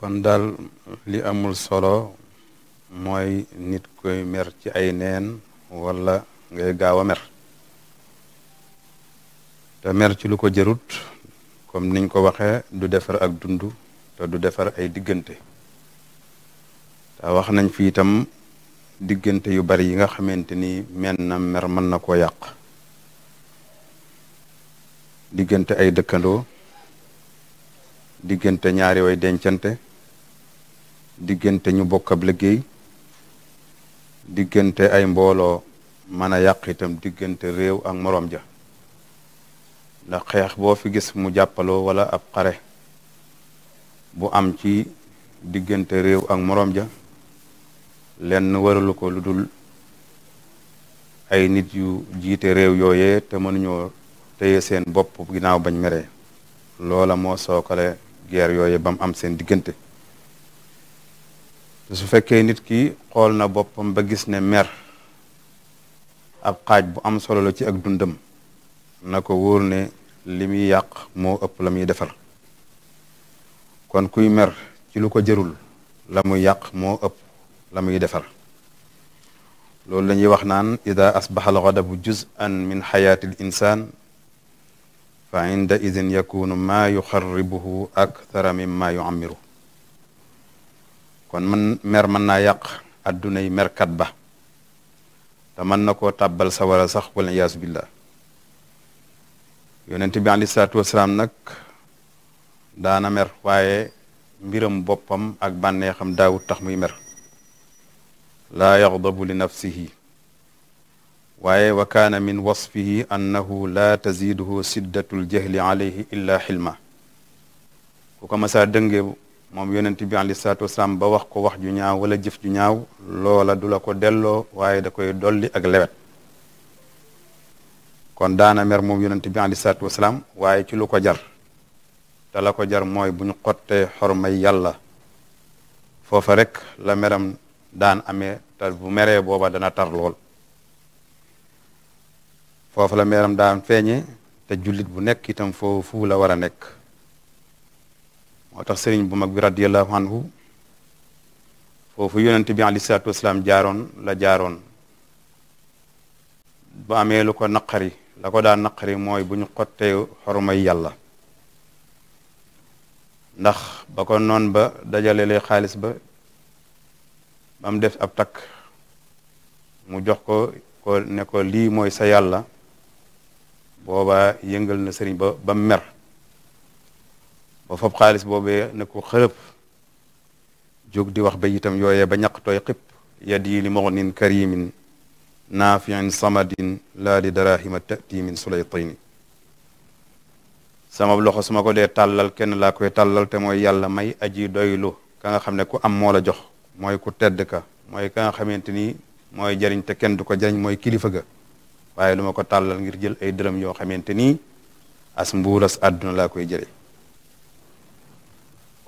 kon daal li amul solo mooy nit koy mer ci ay neen wala ngay gaaw a mer te mer ci lu ko jërut comme niñ ko waxee du defar ak dund te du defar ay diggante te wax nañ fi itam diggante yu bari yi nga xamante ni men na mer mën na koo yàq diggante ay dëkkandoo diggante ñaari way dencante diggante ñu bokk ab liggéey diggante ay mbooloo mën a yàq itam diggante réew ak moroom ja ndax xeex boo fi gis mu jàppaloo wala ab xare bu am ci diggante réew ak moroom ja lenn waralu ko lu dul ay nit yu jiite réew yooyee te mënuñoo téye seen bopp ginnaaw bañ meree loola moo sookale guerre yooye ba mu am seen diggante su fekkee nit ki xool na boppam ba gis ne mer ab xaaj bu am solo la ci ak dundam na ko wóor ne li muy yàq moo ëpp la muy defar kon kuy mer ci lu ko jërul la muy yàq moo ëpp la muy defar loolu la ñuy wax naan ida asbaxa alxadabu juz'an min xayaati l insaan fa inda idin yakunu maa yuxarribuhu akthara mimma yuammiru kon man mer mën naa yàq addunay merkat ba te mën na koo tàbbal sawara sax wala yaasu billah yonent bi alei salaatu wasalaam nag daana mer waaye mbiram boppam ak bànneexam daawut tax muy mer laa yaxdabu li waaye wa kaana min wasfihi annahu laa taziiduhu siddatul jahli alayhi illa xilma ku ko masaa dënge moom yonent bi aleyhi salaatu wasalaam ba wax ko wax ju ñaaw wala jëf ju ñaaw loola du la ko delloo waaye da koy dolli ak lewet kon daana mer moom yonent bi aleyhi salaatu wasalaam waaye ci lu ko jar te la ko jar mooy buñ ñu xor may yàlla foofa rek la meram daan ame te bu meree booba dana tar lool foofa la meram daan feeñe te julit bu nekk itam foofu la war a nekk moo tax sëriñ bu mag bi radiallahu anhu foofu yonent bi aleyhi salaatu wasalaam jaaroon la jaaroon bu amee ko naqari la ko daan naqari mooy buñ ñu xottee xormay yàlla ndax ba ko noon ba dajale lay xaalis ba ba def ab takk mu jox ko ko ne ko lii mooy sa yàlla booba yëngal na sëriñ ba ba mer ba fab xaalis boobee na ko xërëb jóg di wax ba itam yooyee ba ñaq tooy xip yadi li moxnin karimin naafiin samadin laa di darahima tati min sulaytini sama loxo su ma ko dee tàllal kenn laa koy tàllal te mooy yàlla may aji doylu ka nga xam ne ku am moo jox mooy ku tedd ka mooy ka nga xamante ni mooy jariñ te kenn du ko jariñ mooy kilifa ga waaye lu ma ko tàllal ngir jël ay dërëm yoo xamante ni as mbuuras àdduna laa koy jëre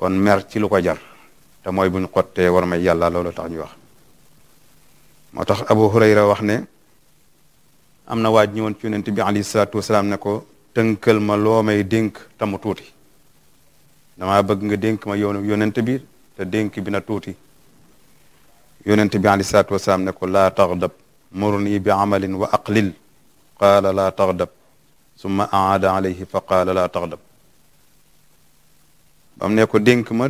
kon mer ci lu ko jar te mooy buñ xottee war may yàlla loolu tax ñuy wax moo tax abu hurayra wax ne am na waaj ñëwoon ci yonent bi alayhi salaatu wasalaam ko tënkal ma loo may dénk te mu tuuti dama bëgg nga dénk ma yoon yonent bi te dénk bi na tuuti yonent bi alayhi salaatu wasalaam ne ko laa taxdab murni bi amalin wa aqlil qaala laa taxdab summa aada alayhi fa qaala laa taxdab bam ne ko dénk ma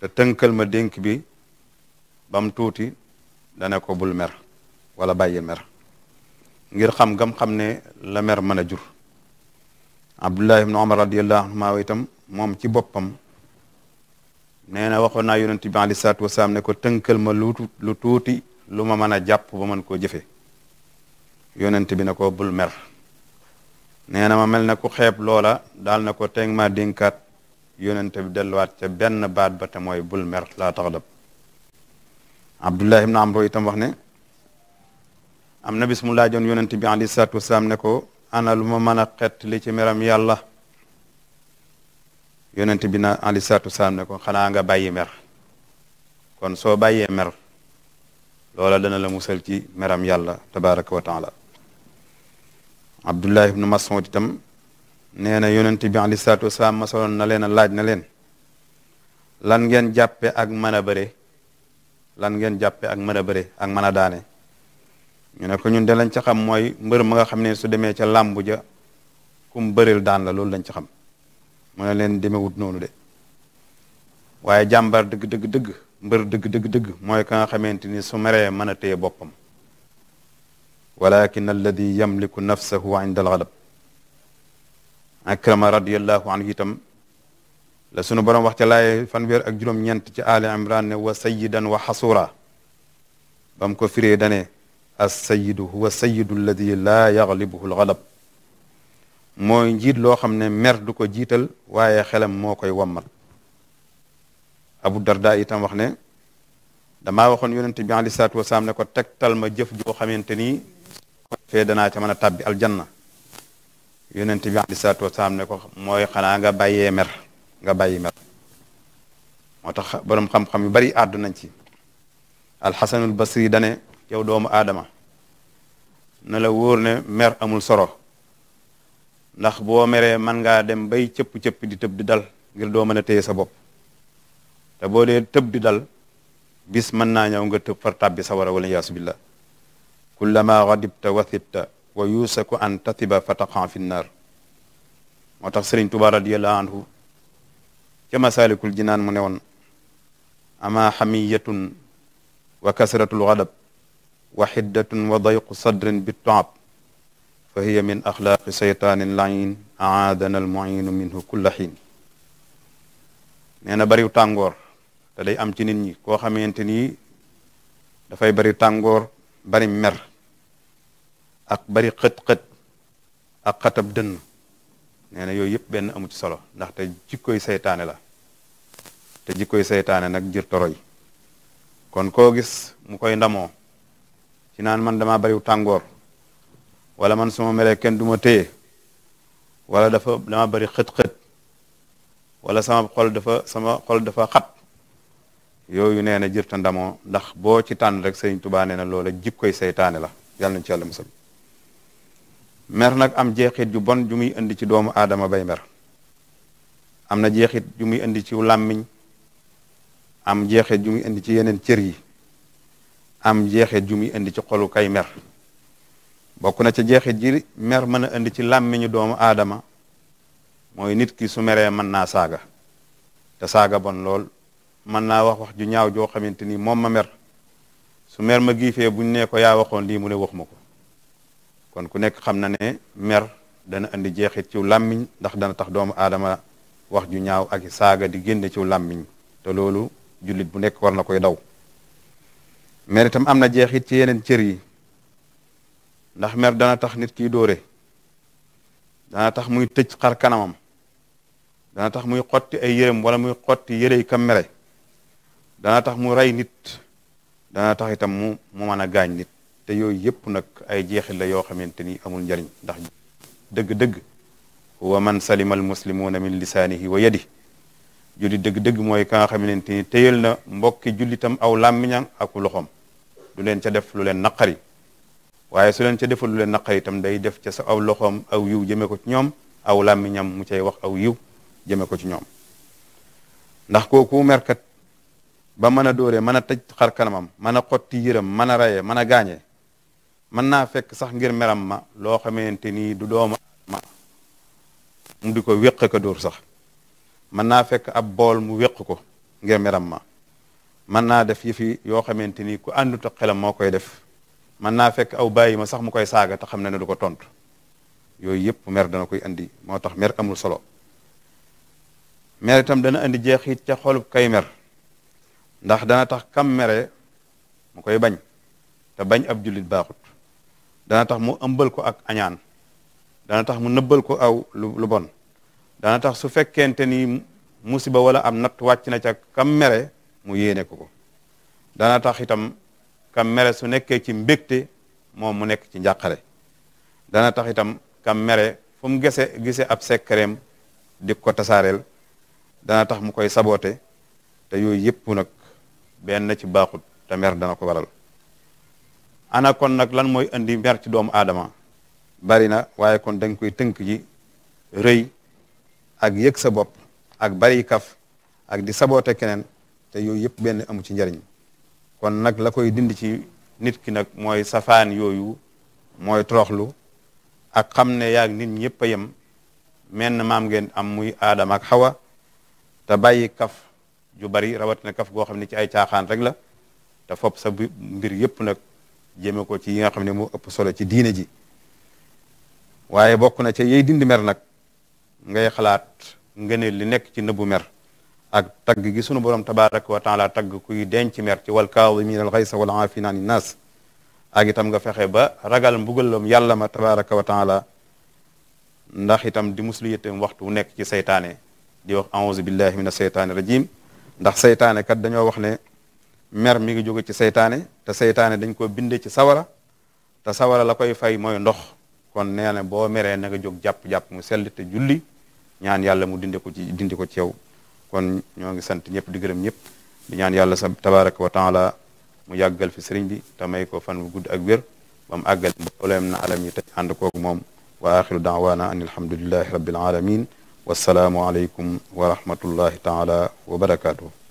te tënkal ma dénk bi bam tuuti dana ko bul mer wala bàyyi mer ngir xam gam xam ne la mer mën a jur abdullah ibn umar radiallahu anhuma wa itam moom ci boppam nee na waxoon naa yonent bi alei salatu ne ko tënkal ma lu tuuti lu ma mën a jàpp ba mën koo jëfe yonent bi ne ko bul mer nee na ma mel na ku xeeb loola daal na ko teg ma dénkaat yonente bi delluwaat ca benn baat ba te mooy bul mer laa taxadab abdullah ibn amro itam wax ne am na bis mu laajoon yonente bi alayhi salaatu ne ko ana lu ma mën a xett li ci meram yàlla yonente bi na alayhi salaatu wasalaam ne ko xanaa nga bàyyi mer kon soo bàyyee mer loola dana la musal ci meram yàlla tabaraka wa taala abdullah ibn mas'ud itam nee na yonent bi aleyhi salaatu wasalaam masaloon na leen a laaj na leen lan ngeen jàppe ak mën a lan ngeen jàppe ak mën a ak mën daane ñu ne ko ñun de lañ ca xam mooy mbër ma nga xam ne su demee ca làmb ja kum bëril daan la loolu lañ ca xam mu ne leen demewut noonu de waaye jàmbar dëgg dëgg dëgg mbër dëgg dëgg mooy ka nga xamante ni su meree mën a téye boppam walakin alladi yamliku nafsahu inda alxalab akrama radiallahu anhu itam la sunu borom wax ca laaye fanweer ak juróom-ñeent ci aali imran ne wa sayidan wa xasura ba ko firee dane assayidu huwa sayidu alladi laa yaglibuhu lgalab mooy njiit loo xam ne mer du ko jiital waaye xelam moo koy wammat abu darda itam wax ne damaa waxoon yonente bi alei salaatu wasalaam ne ko tegtal ma jëf joo xamante nii fee danaa ca mën a tàbbi aljanna yonent bi aleyhi salaatu wasalaam ne ko mooy xanaa nga bàyyee mer nga bàyyi mer moo tax boroom xam-xam yu bari àddu nañ ci alxasanul basri dane yow doomu aadama na la wóor ne mer amul solo ndax boo meree mën ngaa dem bay cëpp-cëpp di tëb di dal ngir doo mën a téye sa bopp te boo dee tëb di dal bis mën naa ñëw nga tëb far tàbbi sa wara wala yaasu billah kullama gadibta wasibta wa yuusaku an tatiba fa taqan fi nnar moo tax sëriñ tuba radiallahu anhu ca masaalikul jinaan mu ne woon ama xamiyatun wa kasratul gadab wa xiddatun wa dayqu sadrin bitaab fa hiya min axlaaqi seytaanin lain aadana almuinu minhu kulla xiin nee na bariw tàngoor te day am ci nit ñi koo xamante ni dafay bari tàngoor bari mer ak bari xët-xët ak xatab dënn nee na yooyu yëpp benn amu ci solo ndaxte jikkoy seytaane la te jikkoy seytaane nag jër kon koo gis mu koy ndamoo ci naan man dama bariw tàngoor wala man suma melee kenn du ma téye wala dafa dama bari xët-xët wala sama xol dafa sama xol dafa xat yooyu nee na jërta ndamoo ndax boo ci tànn rek sëriñ tubaa nee na loola jikkoy seytaane la yàlla nañ ci yàlla musal mer nag am jeexit ju bon ju muy indi ci doomu aadama bay mer am na jeexit ju muy indi ci làmmiñ am jeexit ju muy indi ci yeneen cër yi am jeexit ju indi ci xolu kay mer bokk na ca jeexit ji mer mën a indi ci làmmiñu doomu aadama mooy nit ki su meree mën naa saaga te saaga bon lool mën naa wax wax ju ñaaw joo xamante ni moom ma mer su meer ma giife buñ ne ko yaa waxoon lii mu ne wax ma ko kon ku nekk xam na ne mer dana andi jeexit ciw làmmiñ ndax dana tax doomu aadama wax ju ñaaw ak saaga di génne ciw làmmiñ te loolu jullit bu nekk war na koy daw mer itam am na jeexit ci yeneen cër yi ndax mer dana tax nit ki doore dana tax muy tëj xar kanamam dana tax muy xotti ay wala muy xotti yërey kam mere dana tax mu rey nit dana tax itam mu mu mën a gaañ nit te yooyu yëpp nag ay jeexit la yoo xamante ni amul njariñ ndax dëgg-dëgg wa man salima al muslimuuna min lisaanihi wa yadi jullit dëgg-dëgg mooy ka nga xamante ni téyal na mbokki jullitam aw làmmiñam ak loxoom du leen ca def lu leen naqari waaye su leen ca defal lu leen naqari itam day def ca sa aw loxoom aw yiw jëme ko ci ñoom aw làmmiñam mu cay wax aw yiw jëme ko ci ñoom ndax kooku merket ba mën a dóore mën a tëj xar kanamam mën a xotti yëram mën a raye mën a gaañe mën naa fekk sax ngir meram ma loo xamante ni du dooma ma mu di ko wéq dóor sax mën naa fekk ab bool mu wéq ko ngir meram ma mën naa def fi yoo xamante ni ku àndut ak xelam moo koy def mën naa fekk aw bàyyi ma sax mu koy saaga te xam na ne du ko tontu yooyu yëpp mer dana koy andi moo tax mer amul solo mer itam dana andi jeexit ca xolub kay mer ndax dana tax kam mere mu koy bañ te bañ ab julit baaxut dana tax mu ëmbal ko ak añaan dana tax mu nëbbal ko aw lu bon dana tax su fekkente ni musiba wala am natt wàcc na ca kam mere mu yéene ko ko dana tax itam kam mere su nekkee ci mbégte moom mu nekk ci njàqare dana tax itam kam mere fu mu gese gise ab sekkareem di ko tasaareel dana tax mu koy saboote te yooyu yëpp nag benn ci baaxut te mer dana ko waral ana kon nag lan mooy indi mer ci doomu aadama bari na waaye kon da koy tënk ji rëy ak yëg sa bopp ak bari kaf ak di saboote keneen te yooyu yëpp benn amu ci njariñ kon nag la koy dindi ci nit ki nag mooy safaan yooyu mooy troxlu ak xam ne yaag nit ñëpp a yem menn maam ngeen am muy aadama ak xawa te bàyyi kaf ju bari rawatina kaf goo xam ne ci ay caaxaan rek la te fopp sa mbir yëpp nag jëme ko ci yi nga xam ne moo ëpp solo ci diine ji waaye bokk na ca yey dindi mer nag ngay xalaat ngëneel li nekk ci nëbbu mer ak tagg gi sunu borom tabaraka wa taala tagg kuy denc meer ci wal kaadimiina al xaysa wal aafina ani naas nga fexe ba ragal mbugalam yàlla ma tabaraka wa taala ndax itam di muslu yittam waxtu wu nekk ci seytaane di wax auzu billahi min aseytaani rajim ndax saytaane kat dañoo wax ne mer mi ngi jóge ci seytaane te seytaane dañ ko binde ci sawara te sawara la koy fay mooy ndox kon nee na boo meree na nga jóg jàpp-jàpp mu sell te julli ñaan yàlla mu dinde ko ci dindi ko ci yow kon ñoo ngi sant ñëpp di gërëm ñëpp di ñaan yàlla sa tabaraka wa taala mu yàggal fi sëriñ bi te may ko fan bu gudd ak wér ba mu àggal na alam yi te ànd kooku moom wa axiru daawaana an alhamdulillahi rabbil alamin wassalaamu aleykum wa rahmatullahi taala wa barakaatuhu